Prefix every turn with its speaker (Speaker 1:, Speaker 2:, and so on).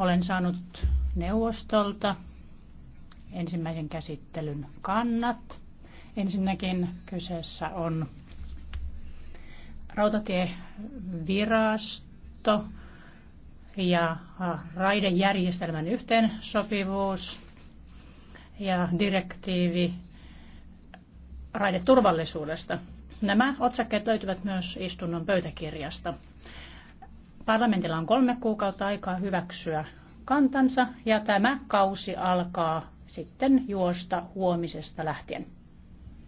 Speaker 1: Olen saanut neuvostolta ensimmäisen käsittelyn kannat. Ensinnäkin kyseessä on rautatievirasto ja raidejärjestelmän yhteensopivuus ja direktiivi raideturvallisuudesta. Nämä otsakkeet löytyvät myös istunnon pöytäkirjasta. Parlamentilla on kolme kuukautta aikaa hyväksyä kantansa ja tämä kausi alkaa sitten juosta huomisesta lähtien.